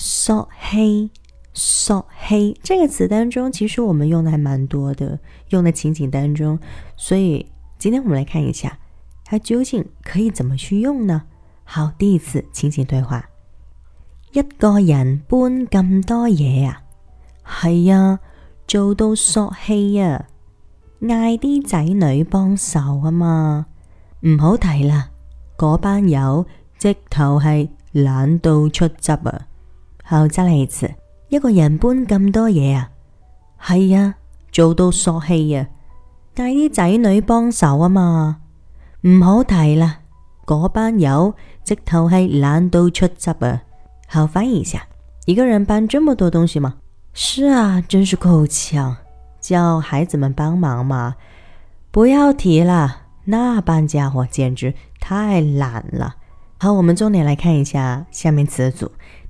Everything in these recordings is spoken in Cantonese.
索氣，索氣這個詞當中，其實我們用的還蠻多的，用的情景當中。所以今天我們來看一下，它究竟可以怎麼去用呢？好，第一次情景對話，一個人搬咁多嘢啊？係啊，做到索氣啊。嗌啲仔女幫手啊嘛。唔好提啦，嗰班友直頭係懶到出汁啊。好再來一次，一個人搬咁多嘢啊，係呀、啊，做到嗍氣呀。嗌啲仔女幫手啊嘛，唔好提啦。嗰班友直頭係懶到出汁啊。好翻譯一下，一個人搬這麼多東西嗎？是啊，真是夠嗆，叫孩子們幫忙嘛，不要提啦，那班家伙簡直太懶了。好，我們重點來看一下下面詞組。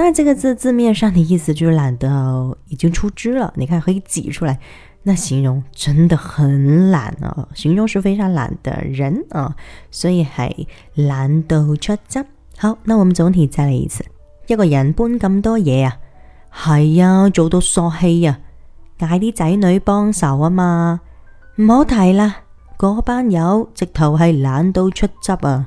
那這個字字面上的意思就懶到已經出汁了，你看可以擠出來，那形容真的很懶啊，形容是非常懶的人啊，所以是懶到出汁。好，那我們總體再來一次，一個人搬咁多嘢啊，係啊，做到嗍氣啊，嗌啲仔女幫手啊嘛，唔好提啦，嗰班友直頭係懶到出汁啊。